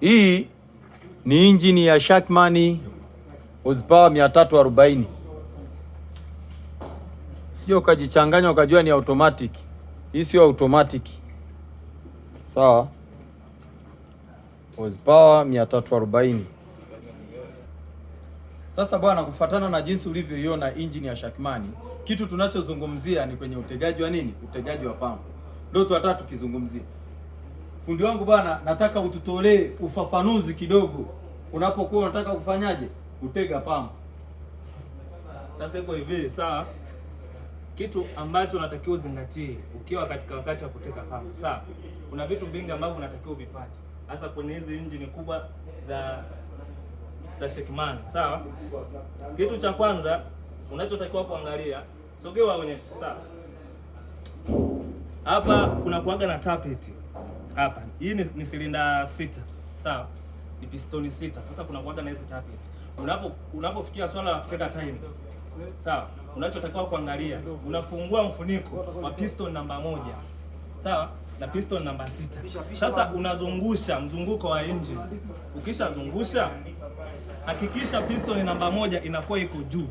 Hii ni injini ya Shackman horsepower 340. Sio ukajichanganya ukajua ni automatic. Hii sio automatic, sawa. Horsepower 340. Sasa bwana, kufuatana na jinsi ulivyoiona injini ya Shackman, kitu tunachozungumzia ni kwenye utegaji wa nini? Utegaji wa pampu ndio tunataka tukizungumzia fundi wangu bwana, nataka ututolee ufafanuzi kidogo, unapokuwa unataka kufanyaje kutega pamba. Sasa iko hivi, sawa. Kitu ambacho unatakiwa uzingatie ukiwa katika wakati wa kuteka pamba, sawa, kuna vitu vingi ambavyo unatakiwa uvipate, hasa kwenye hizi injini kubwa za za Shekman, sawa. Kitu cha kwanza unachotakiwa kuangalia, sogea waonyeshe, sawa. Hapa kuna kuaga na tapeti hapa. Hii ni, ni silinda sita, sawa? Ni pistoni sita. Sasa kuna kuaga na hizi tappet. Unapo unapofikia swala la kuteka time, sawa, unachotakiwa kuangalia, unafungua mfuniko wa piston namba moja, sawa, na piston namba sita. Sasa unazungusha mzunguko wa engine. Ukishazungusha, hakikisha piston namba moja inakuwa iko juu.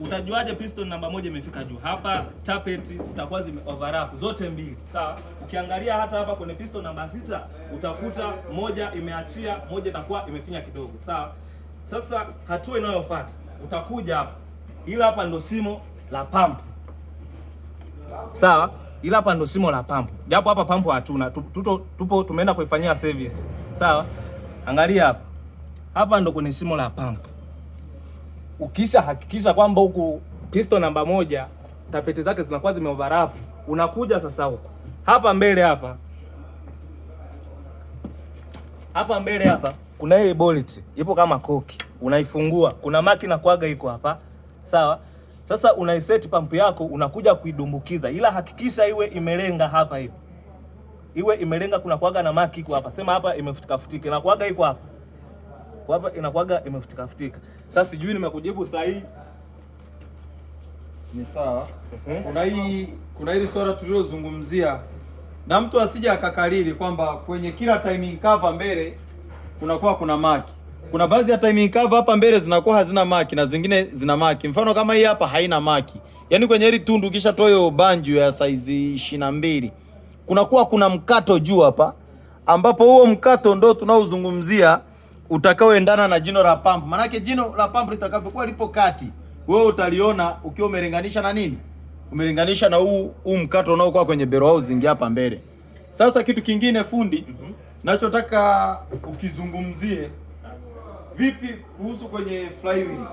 Utajuaje piston namba moja imefika juu? Hapa tappet zitakuwa zime overlap zote mbili, sawa. Ukiangalia hata hapa kwenye piston namba sita utakuta moja imeachia, moja itakuwa imefinya kidogo, sawa. Sasa hatua inayofuata utakuja hapa, ila hapa ndo simo la pump, sawa. Ila hapa ndo simo la pump, japo hapa pump hatuna, tupo, tupo tumeenda kuifanyia service, sawa. Angalia hapa, hapa ndo kwenye simo la pump ukisha hakikisha kwamba huku pisto namba moja tapeti zake zinakuwa zimeoverlap, unakuja sasa huku hapa mbele hapa hapa mbele hapa kuna hii bolt ipo kama koki, unaifungua kuna maki na kwaga iko hapa sawa. Sasa unaiseti pampu yako, unakuja kuidumbukiza, ila hakikisha iwe imelenga hapa hivi, iwe imelenga. Kuna kwaga na maki iko hapa, sema hapa imefutika futike na kwaga iko hapa kwa hapa inakuwaga imefutika futika. Sasa sijui nimekujibu sahihi. Ni sawa. Kuna hii kuna hili swala tulilozungumzia na mtu asije akakariri kwamba kwenye kila timing cover mbele kunakuwa kuna maki. Kuna baadhi ya timing cover hapa mbele zinakuwa hazina maki na zingine zina maki. Mfano kama hii hapa haina maki. Yaani kwenye hili tundu kisha toyo banjo ya saizi 22. Kunakuwa kuna mkato juu hapa ambapo huo mkato ndo tunaozungumzia utakaoendana na jino la pump. Maanake jino la pump litakapokuwa lipo kati, wewe utaliona ukiwa umelinganisha na nini, umelinganisha na huu huu mkato unaokuwa kwenye bero housing hapa mbele. Sasa kitu kingine fundi, mm -hmm. nachotaka ukizungumzie vipi kuhusu kwenye flywheel